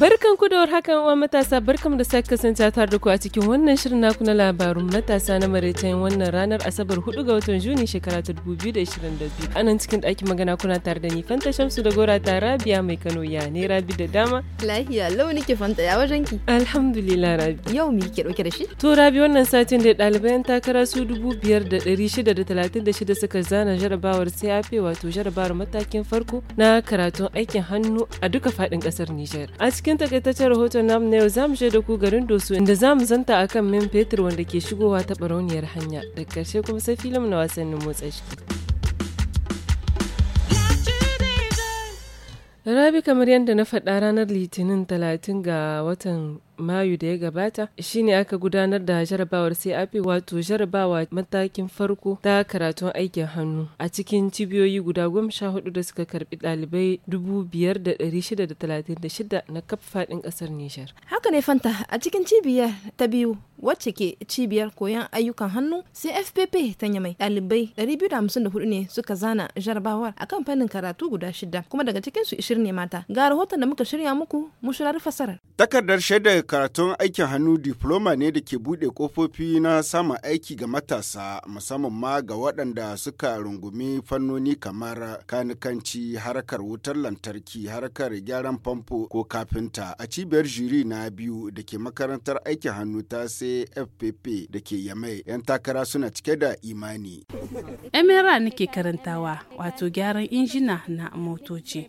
Barkan ku da hakan wa matasa barkan da sake kasance tare da ku a cikin wannan shirin naku na labarun matasa na maraitain wannan ranar Asabar 4 ga watan Juni shekara ta 2022. Anan cikin ɗakin magana kuna tare da ni Fanta Shamsu da Gora ta Rabia mai Kano ya ne Rabi da dama. Lahiya lau nake Fanta ya wajen ki. Alhamdulillah Rabi. Yau me ke dauke da shi? To Rabi wannan satin da ɗaliban takara su 5636 suka zana jarabawar CAP wato jarabawar matakin farko na karatun aikin hannu a duka faɗin ƙasar Nijar. A cikin cikin takaitaccen rahoton namu na yau za mu da ku garin doso inda za mu zanta a kan min fetur wanda ke shigowa ta barauniyar hanya daga ƙarshe kuma sai filim na wasannin motsa jiki. Rabi kamar yadda na faɗa ranar Litinin 30 ga watan Mayu da ya gabata shine aka gudanar da jarabawar CAP wato jarabawa matakin farko ta karatun aikin hannu a cikin cibiyoyi guda goma sha hudu da suka karbi ɗalibai dubu biyar da dari shida da talatin da shida na kaf faɗin kasar Nijar. Haka ne Fanta a cikin cibiyar ta biyu wacce ke cibiyar koyan ayyukan hannu CFPP ta Nyamai ɗalibai 254 ne suka zana jarabawar a kan fannin karatu guda shida kuma daga cikinsu 20 ne mata. Ga rahoton da muka shirya muku mushirar fasarar. Takardar shaidar karatun aikin hannu diploma ne da ke buɗe ƙofofi na samun aiki ga matasa musamman ma ga waɗanda suka rungumi fannoni kamar kanikanci harkar wutar lantarki harkar gyaran famfo ko kafinta a cibiyar jiri na biyu da ke makarantar aikin hannu ta fpp da ke yamai 'yan takara suna cike da imani. emera nake karantawa wato gyaran injina na motoci.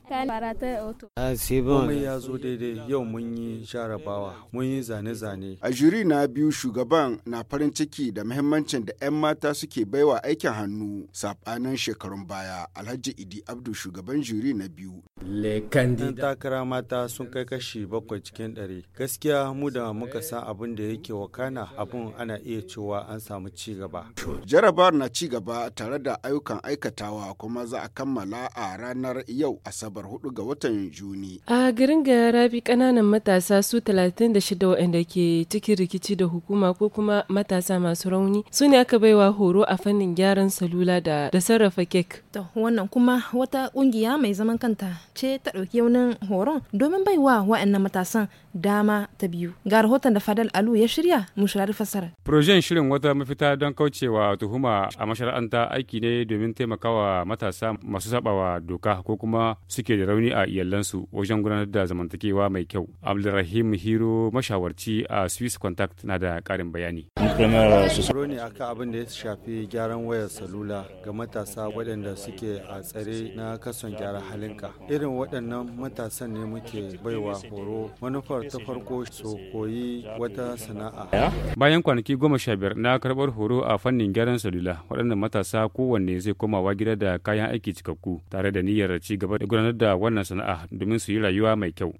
komai ya zo daidai yau mun yi jarabawa mun yi zane-zane. A jiri na biyu shugaban na farin ciki da muhimmancin da 'yan mata suke baiwa aikin hannu saɓanin shekarun baya. Alhaji Idi Abdu shugaban jiri na biyu Ɗan takara mata sun kai kashi bakwai cikin ɗari. Gaskiya mu da muka san abin da yake wakana abun ana iya cewa an samu ci gaba. Jarabar na ci gaba tare da ayyukan aikatawa kuma za a kammala a ranar yau Asabar 4 ga watan Juni. A garin Rabi ƙananan matasa su 36 waɗanda ke cikin rikici da hukuma ko kuma matasa masu rauni su ne aka baiwa horo a fannin gyaran salula da sarrafa kek. Wannan kuma wata ƙungiya mai zaman kanta ce ta ɗauki wani horon domin bai wa wa'annan matasan dama ta biyu. Ga rahoton da Fadal Alu ya shirya mushirar fasara. Projen shirin wata mafita don kaucewa tuhuma a mashara'anta aiki ne domin taimakawa matasa masu sabawa doka ko kuma suke da rauni a iyalansu wajen gudanar da zamantakewa mai kyau. Abdulrahim Hiro mashawarci a Swiss Contact na da ƙarin bayani. ne aka abin da ya shafi gyaran wayar salula ga matasa waɗanda suke a tsare na kason gyara halinka. Irin waɗannan matasan ne muke baiwa horo manufar ta farko su koyi wata sana'a. Bayan kwanaki goma sha biyar na karɓar horo a fannin gyaran salula waɗannan matasa kowanne zai komawa gida da kayan aiki cikakku tare da niyyar ci gaba da gudanar da wannan sana'a domin su yi rayuwa mai kyau.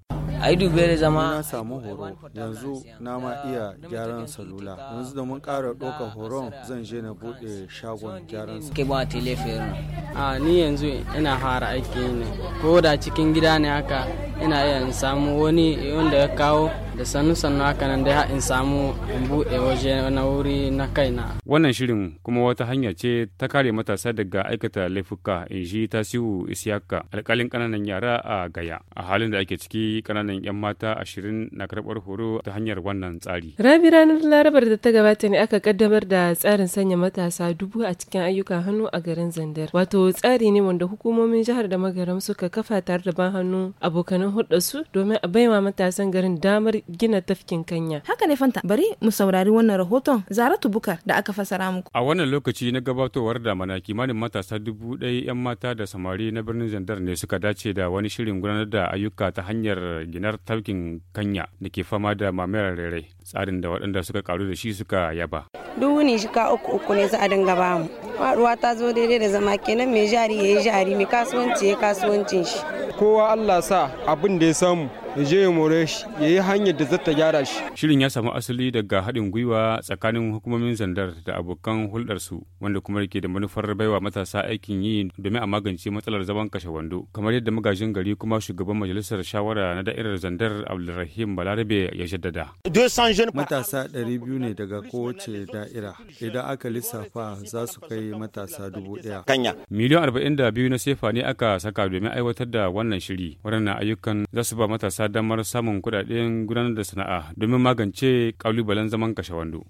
Aidu Bere zama na samu horo yanzu na ma iya gyaran salula yanzu da mun kara ɗaukar horon zan je na buɗe shagon gyaran salula. A ni yanzu ina fara aiki ne ko da cikin gida ne haka ina iya samu wani wanda ya kawo da sannu sannu haka nan dai in samu in buɗe waje na wuri na kaina. Wannan shirin kuma wata hanya ce ta kare matasa daga aikata laifuka in ji tasiru isiyaka alkalin kananan yara a gaya. A halin da ake ciki kananan 'yan mata ashirin na karɓar horo ta hanyar wannan tsari. Rabi ranar larabar da ta gabata ne aka kaddamar da tsarin sanya matasa dubu a cikin ayyukan hannu a garin Zandar. Wato tsari ne wanda hukumomin jihar da magaram suka kafa tare da ban hannu abokanan hulɗarsu domin a baiwa matasan garin damar gina tafkin kanya. Haka ne fanta bari mu saurari wannan rahoton Zaratu Bukar da aka fasara muku. A wannan lokaci na gabatowar damana kimanin matasa dubu ɗaya 'yan mata da samari na birnin Zandar ne suka dace da wani shirin gudanar da ayyuka ta hanyar ginar tafkin kanya da ke fama da mamayar rere tsarin da waɗanda suka karu da shi suka yaba. Duk wuni shika uku uku ne za a dinga mu ta zo daidai da zama kenan mai jari ya yi jari mai kasuwanci ya kasuwancin shi. Kowa Allah sa abin da ya samu ya je ya more shi ya yi hanyar da zata gyara shi. Shirin ya samu asali daga haɗin gwiwa tsakanin hukumomin zandar da abokan hulɗarsu wanda kuma ke da manufar baiwa matasa aikin yi domin a magance matsalar zaman kashe wando kamar yadda magajin gari kuma shugaban majalisar shawara na da'irar zandar abdulrahim balarabe ya jaddada. Matasa ɗari biyu ne daga kowace da'ira idan aka lissafa za su kai matasa dubu ɗaya. Miliyan arba'in da biyu na sefa ne aka saka domin aiwatar da wannan shiri waɗannan ayyukan za su ba matasa matasa damar samun kudaden gudanar da sana'a domin magance kalubalen zaman kashe wando.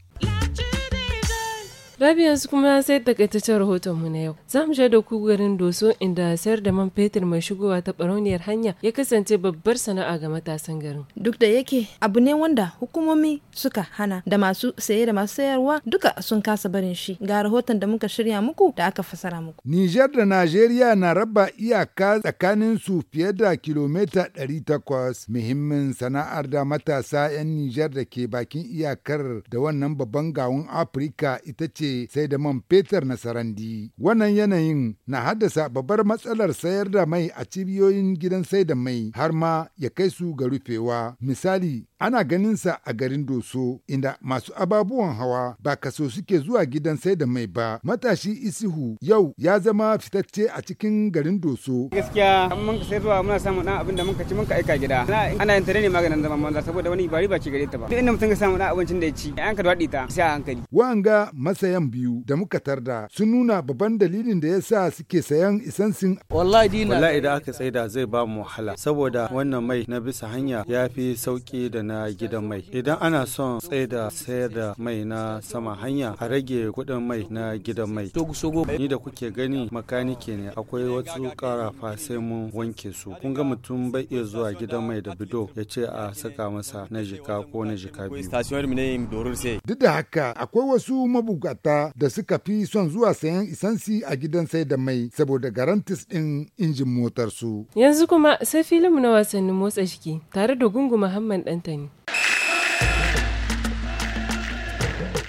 Rabi yanzu kuma da takaitaccen rahoton mu na yau. Za mu da ku garin Doso inda sayar da man fetur mai shigowa ta barauniyar hanya ya kasance babbar sana'a ga matasan garin. Duk da yake abu ne wanda hukumomi suka hana da masu saye da masu sayarwa duka sun kasa barin shi. Ga rahoton da muka shirya muku da aka fasara muku. Nijar da Najeriya na raba iyaka tsakanin su fiye da kilomita 800 muhimmin sana'ar da matasa 'yan Nijar da ke bakin iyakar da wannan babban gawun Afirka ita ce sai da man fetur na sarandi. Wannan yanayin na haddasa babbar matsalar sayar da mai a cibiyoyin gidan sai da mai har ma ya kai su ga rufewa. Misali, ana ganinsa a garin Doso inda masu ababuwan hawa ba kaso suke zuwa gidan sai da mai ba. Matashi Isihu yau ya zama fitacce a cikin garin Doso. Gaskiya mun ka sai zuwa muna samu dan abin da muka ci muka aika gida. Ana yin tare ne maganin zaman manza saboda wani bari ba ci gare ta ba. Duk inda mutum ka samu dan abincin da ya ci an ka dwaɗi ta sai a hankali. Wanga masayan kan biyu da muka tarda sun nuna babban dalilin da ya sa suke sayan isansin. Wallahi idan aka tsaida zai ba mu wahala saboda wannan mai na bisa hanya ya fi sauki da na gidan mai. Idan ana son tsaida sayar da mai na sama hanya a rage kuɗin mai na gidan mai. Ni da kuke gani makanike ne akwai wasu karafa sai mun wanke su. Kun ga mutum bai iya zuwa gidan mai da bido ya ce a saka masa na jika ko na jika biyu. Duk da haka akwai wasu mabukata mahalarta da suka fi son zuwa sayan isansi a gidan sai da mai saboda garantis ɗin injin motarsu. Yanzu kuma sai filin mu na wasannin motsa jiki tare da gungu Muhammad Dantani.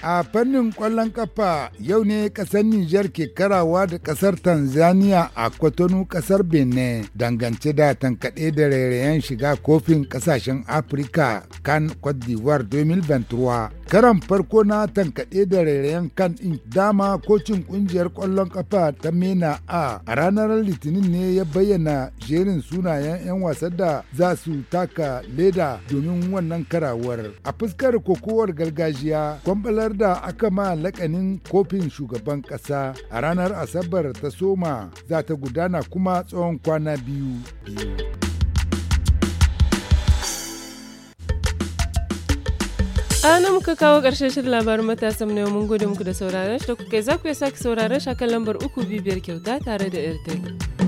A fannin ƙwallon ƙafa yau ne ƙasar Nijar ke karawa da ƙasar Tanzania a kwatonu ƙasar Benin dangance da tankaɗe da rairayen shiga kofin ƙasashen Afirka kan Cote d'Ivoire 2023. Karan farko na tankaɗe da rairayen kan in dama kocin ƙungiyar ƙwallon ƙafa ta Mena A a ranar Litinin ne ya bayyana jerin sunayen 'yan wasan da za su taka leda domin wannan karawar. A fuskar kokowar gargajiya, kwambalar da aka ma lakanin kofin shugaban ƙasa a ranar Asabar ta soma za ta gudana kuma tsawon kwana biyu. ana muka kawo ƙarshen shirin labarin matasan na mun gode muku da sauraron shi da kuka za ku sake sauraron shi lambar uku bibiyar kyauta tare da airtel